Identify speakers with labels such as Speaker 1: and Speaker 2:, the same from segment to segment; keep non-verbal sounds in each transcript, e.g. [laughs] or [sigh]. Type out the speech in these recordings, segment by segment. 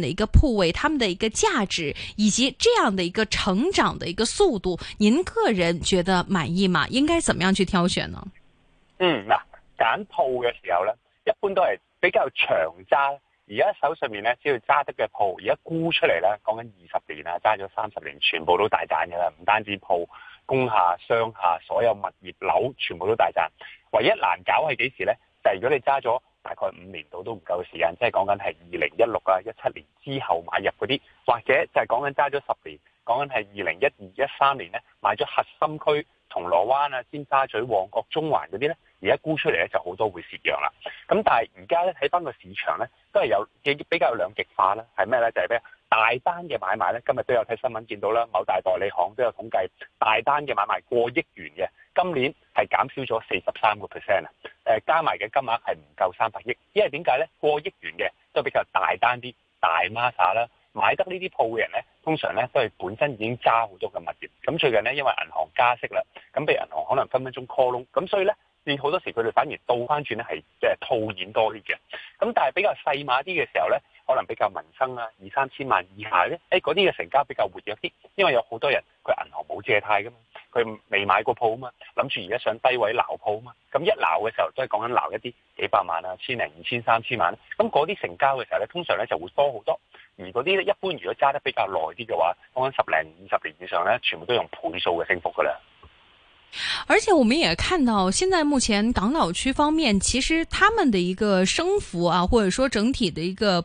Speaker 1: 的一個鋪位，他們的一個價值以及這樣的一個成長的一個速度，您個人覺得滿意嗎？應該怎麼樣去挑選呢？
Speaker 2: 嗯，嗱，揀鋪嘅時候呢，一般都係比較長揸。而家手上面呢，只要揸得嘅鋪，而家估出嚟呢，講緊二十年啦，揸咗三十年，全部都大賺㗎啦。唔單止鋪，工廈、商廈，所有物業樓，全部都大賺。唯一難搞係幾時呢？就係如果你揸咗。大概五年度都唔夠時間，即係講緊係二零一六啊，一七年之後買入嗰啲，或者就係講緊揸咗十年，講緊係二零一二一三年呢買咗核心區銅鑼灣啊、尖沙咀、旺角、中環嗰啲呢，而家沽出嚟就好多會蝕讓啦。咁但係而家呢，睇翻個市場呢，都係有比較有兩極化啦。係咩呢？就係咩？大單嘅買賣呢，今日都有睇新聞見到啦。某大代理行都有統計，大單嘅買賣過億元嘅，今年係減少咗四十三個 percent 啊。加埋嘅金額係唔夠三百億，因為點解呢？過億元嘅都比較大單啲、大碼啦，買得呢啲鋪嘅人呢，通常呢都係本身已經揸好多嘅物業。咁最近呢，因為銀行加息啦，咁俾銀行可能分分鐘 call 窿，咁所以呢，變好多時佢哋反而倒翻轉呢，係即係套現多啲嘅。咁但係比較細碼啲嘅時候呢。可能比較民生啊，二三千萬以下呢。誒嗰啲嘅成交比較活躍啲，因為有好多人佢銀行冇借貸噶嘛，佢未買過鋪啊嘛，諗住而家想低位撈鋪啊嘛，咁一撈嘅時候都係講緊撈一啲幾百萬啊、千零、二千、三千萬，咁嗰啲成交嘅時候呢，通常呢就會多好多。而嗰啲一般如果揸得比較耐啲嘅話，講緊十零二十年以上呢，全部都用倍數嘅升幅噶啦。
Speaker 1: 而且我們也看到，現在目前港島區方面，其實他們嘅一個升幅啊，或者說整體的一個。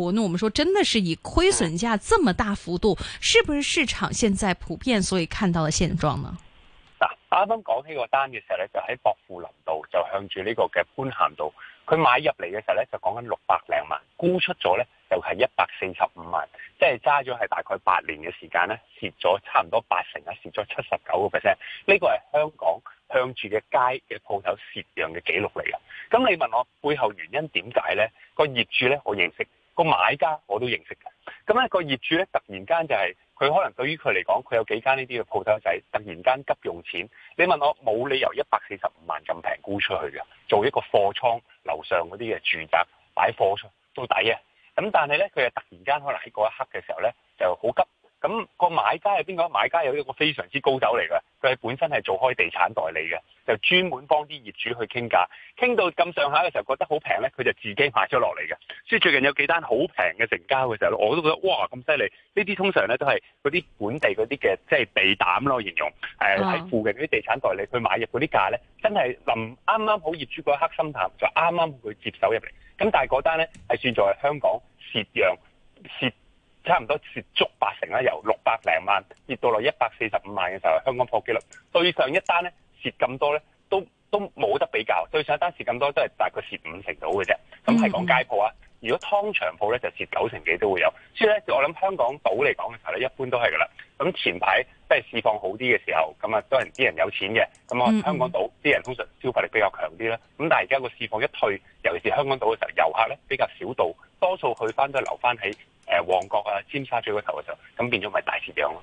Speaker 1: 我，那我們說真的是以虧損價這麼大幅度，是不是市場現在普遍所以看到的現狀呢？
Speaker 2: 啱啱講起個單嘅時候咧，就喺薄扶林道，就向住呢個嘅潘咸道，佢買入嚟嘅時候咧就講緊六百零萬
Speaker 1: 沽出咗咧
Speaker 2: 就係一百四十五萬，即係揸咗係大概八年嘅時間咧，蝕咗差唔多八成啊，蝕咗七十九個 percent。呢個係香港向住嘅街嘅鋪頭蝕讓嘅記錄嚟噶。咁你問我背後原因點解咧？個業主咧我認識。個買家我都認識嘅，咁、那、咧個業主咧突然間就係、是、佢可能對於佢嚟講，佢有幾間呢啲嘅鋪頭仔，突然間急用錢。你問我，冇理由一百四十五萬咁平沽出去嘅，做一個貨倉樓上嗰啲嘅住宅擺貨倉，都抵啊。咁但係咧，佢又突然間可能喺嗰一刻嘅時候咧就好急。咁個買家係邊個？買家有一個非常之高手嚟㗎，佢本身係做開地產代理嘅，就專門幫啲業主去傾價，傾到咁上下嘅時候覺得好平咧，佢就自己買咗落嚟嘅。所以最近有幾單好平嘅成交嘅時候，我都覺得哇咁犀利！呢啲通常咧都係嗰啲本地嗰啲嘅，即係地膽咯形容，係，呃，喺附近嗰啲地產代理去買入嗰啲價咧，真係臨啱啱好業主嗰一刻心淡，就啱啱去接手入嚟。咁但係嗰單咧係算作係香港蝕讓蝕。差唔多蝕足八成啦，由六百零萬跌到落一百四十五萬嘅時候，香港破紀錄。對上一單咧蝕咁多咧，都都冇得比較。對上一單蝕咁多，都係大概蝕五成到嘅啫。咁係講街鋪啊，如果湯場鋪咧就蝕九成幾都會有。所以咧，我諗香港島嚟講嘅時候咧，一般都係噶啦。咁前排即係釋放好啲嘅時候，咁啊都係啲人有錢嘅。咁啊，香港島啲人通常消費力比較強啲啦。咁但係而家個釋放一退，尤其是香港島嘅時候，遊客咧比較少到，多數去翻都係留翻喺。誒旺角啊，尖沙咀嗰頭嘅時候，咁變咗咪大攝影咯。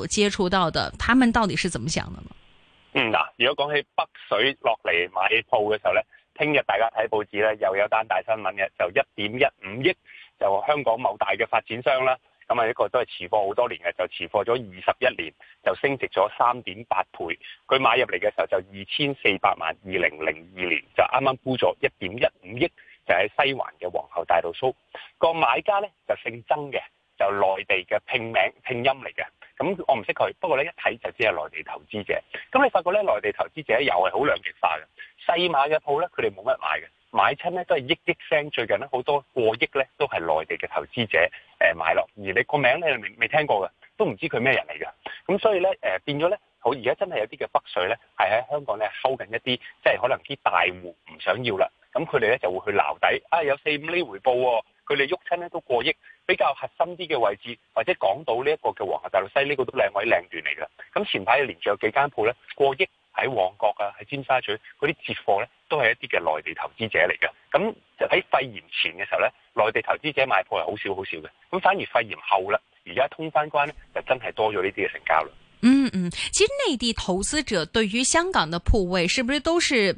Speaker 1: 接觸到的，他們到底是怎麼想的呢？
Speaker 2: 嗯嗱，如果講起北水落嚟買鋪嘅時候咧，聽日大家睇報紙咧，又有單大新聞嘅，就一點一五億就香港某大嘅發展商啦。咁啊，呢個都係持貨好多年嘅，就持貨咗二十一年，就升值咗三點八倍。佢買入嚟嘅時候就二千四百萬，二零零二年就啱啱估咗一點一五億，就喺西環嘅皇后大道蘇，那個買家咧就姓曾嘅，就內地嘅拼名拼音嚟嘅。咁、嗯、我唔識佢，不過咧一睇就知係內地投資者。咁你發覺咧，內地投資者又係好兩極化嘅。細碼嘅鋪咧，佢哋冇乜買嘅，買親咧都係億億聲。最近咧好多過億咧都係內地嘅投資者誒買落，而你個名你未未聽過嘅，都
Speaker 3: 唔知佢咩人
Speaker 2: 嚟嘅。咁所以咧、呃、變咗咧，好而家真係有啲嘅北水咧，係喺香港咧收緊一啲，即係可能啲大戶唔想要啦。咁佢哋咧就會去撈底，啊、哎、有四五厘回報、哦，佢哋喐親咧都過億。比較核心啲嘅位置，或者港島呢一個嘅皇后大道西呢個都靚位靚段嚟嘅。咁前排連住有幾間鋪咧，過億喺旺角啊，喺尖沙咀嗰啲折貨咧，都係一啲嘅內地投資者嚟嘅。咁就喺肺炎前嘅時候咧，內地投資者買鋪係好少好少嘅。咁反而肺炎後啦，而家通翻關咧，就真係多咗呢啲嘅成交啦。嗯
Speaker 1: 嗯，其實內地投資者對於香港嘅鋪位，是不是都是？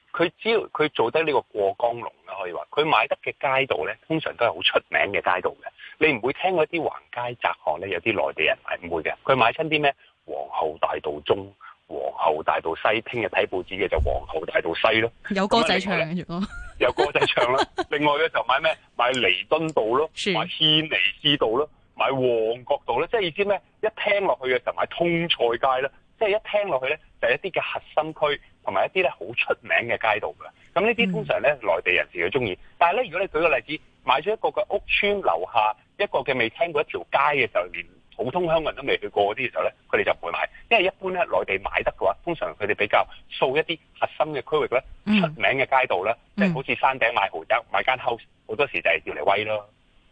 Speaker 2: 佢只要佢做得呢個過江龍啦，可以話，佢買得嘅街道咧，通常都係好出名嘅街道嘅。你唔會聽嗰啲橫街窄巷咧，有啲內地人買唔會嘅。佢買親啲咩皇后大道中、皇后大道西，聽日睇報紙嘅就皇后大道西咯。
Speaker 1: 有歌仔唱㗎，
Speaker 2: 有歌仔唱啦。 [laughs] 另外嘅就買咩買尼敦道咯， [laughs] 買軒尼詩道咯，買旺角道囉。即係意思咩？一聽落去嘅就買通菜街啦，即係一聽落去咧就係一啲嘅核心區。同埋一啲咧好出名嘅街道嘅，咁呢啲通常咧內、嗯、地人士佢中意。但係咧，如果你舉個例子，買咗一個嘅屋村樓下一個嘅未聽過一條街嘅時候，連普通香港人都未去過嗰啲嘅時候咧，佢哋就唔會買，因為一般咧內地買得嘅話，通常佢哋比較掃一啲核心嘅區域咧，嗯、出名嘅街道咧，即、就係、好似山頂買豪宅、嗯、買間 house，好多時就係要嚟威咯。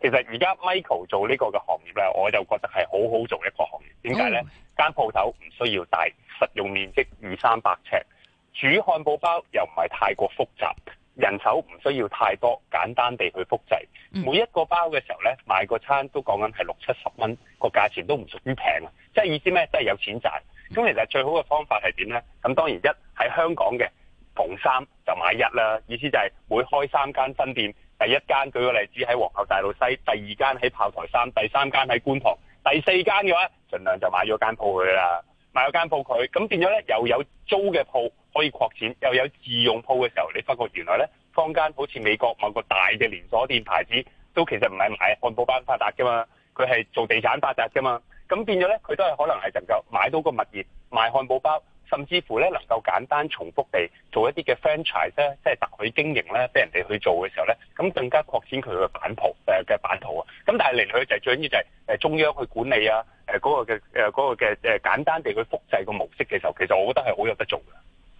Speaker 2: 其實，而家 Michael 做呢個嘅行業咧，我就覺得係好好做一個行業。點解呢？間、oh. 鋪頭唔需要大，實用面積二三百尺，煮漢堡包又唔係太過複雜，人手唔需要太多，簡單地去複製。Mm. 每一個包嘅時候呢，買個餐都講緊係六七十蚊，個價錢都唔屬於平啊！即係意思咩？都係有錢賺。咁其實最好嘅方法係點呢？咁當然一喺香港嘅逢三就買一啦。意思就係每開三間分店。第一間舉個例子喺皇后大道西，第二間喺炮台山，第三間喺觀塘，第四間嘅話，盡量就買咗間鋪佢啦，買咗間鋪佢，咁變咗呢，又有租嘅鋪可以擴展，又有自用鋪嘅時候，你發覺原來呢，坊間好似美國某個大嘅連鎖店牌子，都其實唔係買漢堡包發達噶嘛，佢係做地產發達噶嘛，咁變咗呢，佢都係可能係能夠買到個物業賣漢堡包。甚至乎咧，能夠簡單重複地做一啲嘅 franchise 咧，即係特許經營咧，俾人哋去做嘅時候咧，咁更加擴展佢嘅版圖，誒嘅版圖啊。咁但係嚟嚟去去就係最緊要就係誒中央去管理啊，誒嗰個嘅誒嗰個嘅誒簡單地去複製個模式嘅時候，其實我覺得係好有得做嘅。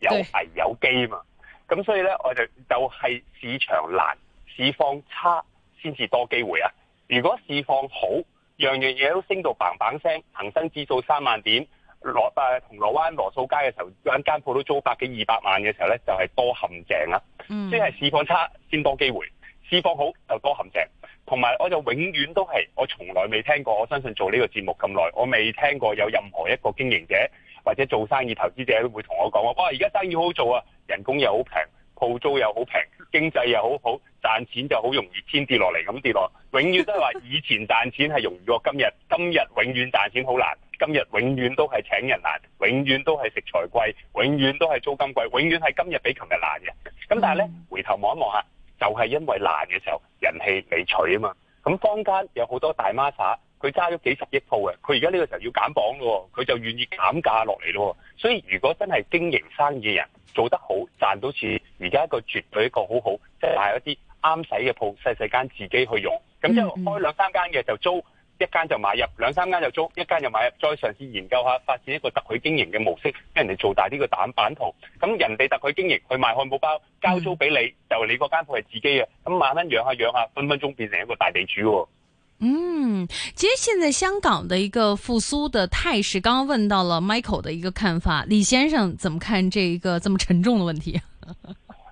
Speaker 2: 有危有機嘛，咁所以呢，我就就係市場難，市況差先至多機會啊。如果市況好，樣樣嘢都升到棒棒聲，恒生指數三萬點，羅誒銅鑼灣羅素街嘅時候，間間鋪都租百幾二百萬嘅時候呢，就係多陷阱啦。
Speaker 3: 即係，嗯，市
Speaker 2: 況差先多機會，市況好就多陷阱。同埋我就永遠都係，我從來未聽過，我相信做呢個節目咁耐，我未聽過有任何一個經營者。或者做生意投資者都會同我講，話，哇！而家生意好好做啊，人工又好平，鋪租又好平，經濟又好好，賺錢就好容易，天跌落嚟咁跌落，永遠都係話以前賺錢係容易過今日，今日永遠賺錢好難，今日永遠都係請人難，永遠都係食材貴，永遠都係租金貴，永遠係今日比琴日難嘅。咁但係呢，回頭望一望下，就係因為難嘅時候人氣未取啊嘛。咁坊間有好多大媽佢揸咗幾十億鋪嘅，佢而家呢個時候要減磅咯，佢就願意減價落嚟咯。所以如果真係經營生意嘅人做得好，賺到錢而家一個絕對一個好好，即係買一啲啱使嘅鋪，細細間自己去用。咁一開兩三間嘅就租一間就買入，兩三間就租一間就買入，再嘗試研究下發展一個特許經營嘅模式，俾人哋做大呢個蛋板圖。咁人哋特許經營去賣漢堡包，交租俾你，就你嗰間鋪係自己嘅。咁慢慢養下養下，分分鐘變成一個大地主。
Speaker 1: 嗯，其實現在香港的一個復甦的態勢，剛剛問到了 Michael 的一個看法，李先生怎麼看這一個這麼沉重的問題？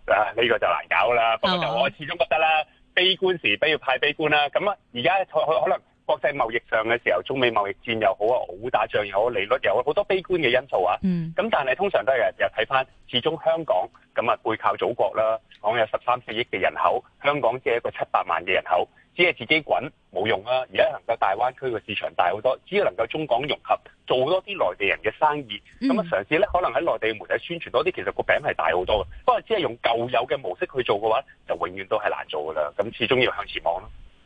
Speaker 2: 啊呢個就難搞啦，不過好就我始終覺得啦，好悲觀時不要太悲觀啦。咁啊，而家可能國際貿易上嘅時候，中美貿易戰又好啊，俄烏打仗又好，利率又好，好多悲觀嘅因素啊。嗯。咁但係通常都係又睇翻，始終香港咁啊背靠祖國啦，講有十三四億嘅人口，香港只係一個七百萬嘅人口。只係自己滾冇用啊！而家能夠大灣區嘅市場大好多，只要能夠中港融合，做多啲內地人嘅生意，咁啊嘗試咧，可能喺內地媒體宣傳多啲，其實個餅係大好多嘅。不過只係用舊有嘅模式去做嘅話，就永遠都係難做噶啦。咁始終要向前望咯。